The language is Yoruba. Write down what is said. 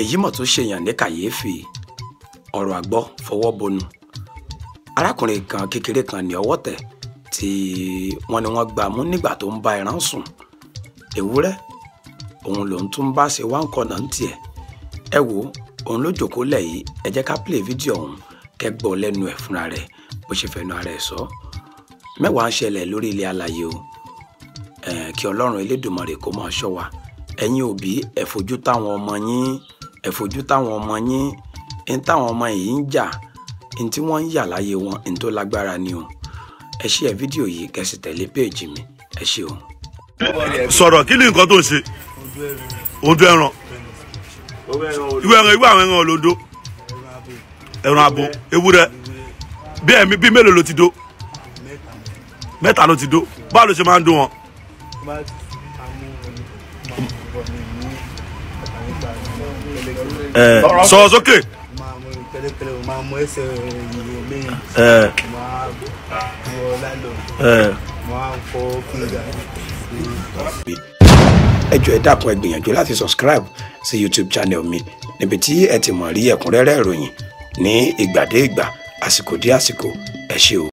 èyí mọ̀ tó ṣèyàn ní kàyéfì ọ̀rọ̀ àgbọ́ fọwọ́ bonu arákùnrin kan kékeré kan ní ọwọ́ tẹ̀ tí wọ́n ní wọ́n gbà mú nígbà tó ń bá ẹran sùn ewúrẹ́ òun lòun tún bá ṣe wá ń kọ̀nà ń tiẹ̀ ẹ wo òun ló jòkó lẹ̀ ẹ jẹ́ ká play fídíò ọ̀hún kẹgbọ́ lẹ́nu ẹ̀ fúnra rẹ̀ bó ṣe fẹnu ara ẹ̀ sọ mẹ́wàá ń ṣẹlẹ̀ lórí ilé alàyè o kí ọlọ́run elédùnmarè kó máa ṣọ́ wa ẹ̀yin òbí ẹ fojú táwọn ọmọ yín ẹ fojú táwọn ọmọ yín ẹni táwọn ọmọ yìí ń jà ẹni tí wọ́n ń yà láyé wọn ẹni tó lágbára ni o ẹ ṣe ẹ fídíò yìí kẹsì tẹ̀lé péèjì mi ẹ ṣe o. sọ̀rọ̀ kí ni nǹkan tó ń ṣe odò ẹran ìwé ẹran ìwé àwọn ẹran olódó ẹran abo ewúrẹ́ bí ẹ̀mí bí mélòó ló ti dó mẹ́ta ló ti dó báwo ló ṣe máa ń dó wọn sọ sókè. ẹ jọ̀ọ́ ẹ dákun ẹ gbìyànjú láti subscribe sí youtube channel mi níbi tí ẹ ti mọ̀ rí ẹ̀kúnrẹ́rẹ́ ìròyìn ní ìgbà dé ìgbà àsìkò dé àsìkò ẹ ṣé o.